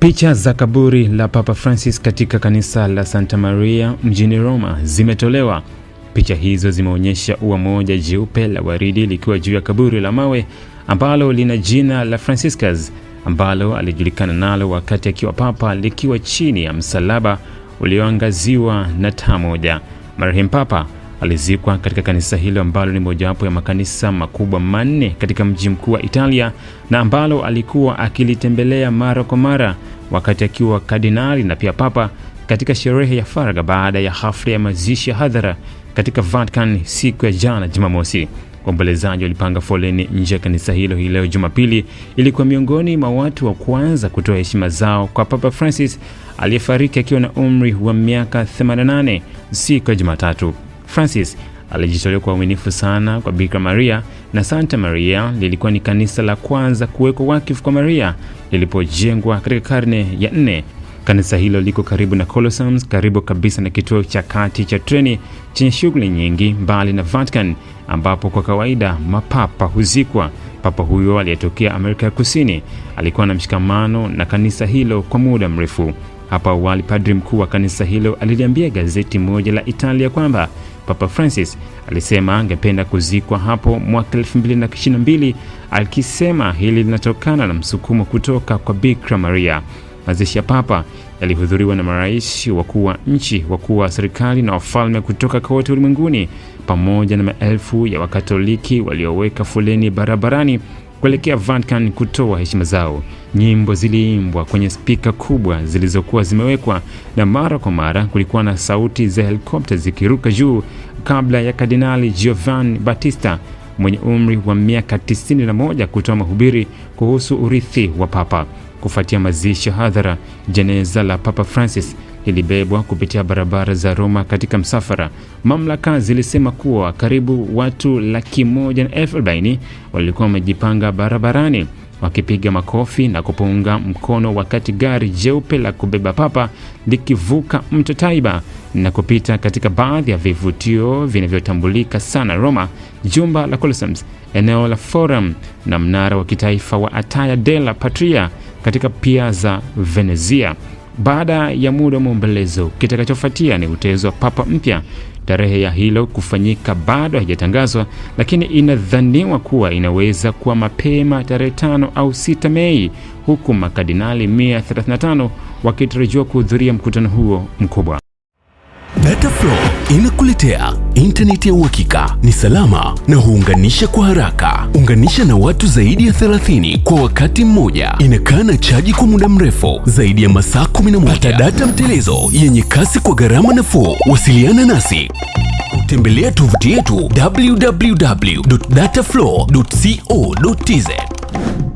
Picha za kaburi la Papa Francis katika kanisa la Santa Maria mjini Roma zimetolewa. Picha hizo zimeonyesha ua moja jeupe la waridi likiwa juu ya kaburi la mawe ambalo lina jina la Franciscus ambalo alijulikana nalo wakati akiwa papa likiwa chini ya msalaba ulioangaziwa na taa moja. Marehemu Papa alizikwa katika kanisa hilo ambalo ni mojawapo ya makanisa makubwa manne katika mji mkuu wa Italia na ambalo alikuwa akilitembelea mara kwa mara wakati akiwa kardinali na pia papa katika sherehe ya faraga baada ya hafla ya mazishi ya hadhara katika Vatican siku ya jana Jumamosi. Waombolezaji walipanga foleni nje ya kanisa hilo hii leo Jumapili. Ilikuwa miongoni mwa watu wa kwanza kutoa heshima zao kwa Papa Francis aliyefariki akiwa na umri wa miaka 88 siku ya Jumatatu. Francis alijitolea kwa uaminifu sana kwa Bikira Maria na Santa Maria lilikuwa ni kanisa la kwanza kuwekwa wakifu kwa Maria lilipojengwa katika karne ya nne. Kanisa hilo liko karibu na Colosseum, karibu kabisa na kituo cha kati cha treni chenye shughuli nyingi, mbali na Vatican ambapo kwa kawaida mapapa huzikwa. Papa huyo aliyetokea Amerika ya Kusini alikuwa na mshikamano na kanisa hilo kwa muda mrefu. Hapo awali padri mkuu wa kanisa hilo aliliambia gazeti moja la Italia kwamba Papa Francis alisema angependa kuzikwa hapo mwaka 2022, akisema hili linatokana na msukumo kutoka kwa Bikira Maria. Mazishi ya Papa yalihudhuriwa na marais, wakuu wa nchi, wakuu wa serikali na wafalme kutoka kote ulimwenguni, pamoja na maelfu ya Wakatoliki walioweka foleni barabarani kuelekea Vatican kutoa heshima zao. Nyimbo ziliimbwa kwenye spika kubwa zilizokuwa zimewekwa, na mara kwa mara kulikuwa na sauti za helikopta zikiruka juu kabla ya Kardinali Giovanni Battista mwenye umri wa miaka 91 kutoa mahubiri kuhusu urithi wa Papa. Kufuatia mazishi ya hadhara, jeneza la Papa Francis ilibebwa kupitia barabara za Roma katika msafara. Mamlaka zilisema kuwa karibu watu laki moja na elfu arobaini walikuwa wamejipanga barabarani wakipiga makofi na kupunga mkono wakati gari jeupe la kubeba papa likivuka mto Taiba na kupita katika baadhi ya vivutio vinavyotambulika sana Roma, jumba la Colosseum, eneo la Forum na mnara wa kitaifa wa Altare della Patria katika Piazza Venezia baada ya muda wa maombolezo. Kitakachofuatia ni uteuzi wa papa mpya. Tarehe ya hilo kufanyika bado haijatangazwa, lakini inadhaniwa kuwa inaweza kuwa mapema tarehe tano au sita Mei, huku makardinali 135 wakitarajiwa kuhudhuria mkutano huo mkubwa. Betaflow inakuletea intaneti ya uhakika, ni salama na huunganisha kwa haraka. Unganisha na watu zaidi ya 30 kwa wakati mmoja. Inakaa na chaji kwa muda mrefu zaidi ya masaa 11. Pata data mtelezo yenye kasi kwa gharama nafuu. Wasiliana nasi tembelea tovuti yetu www.dataflow.co.tz.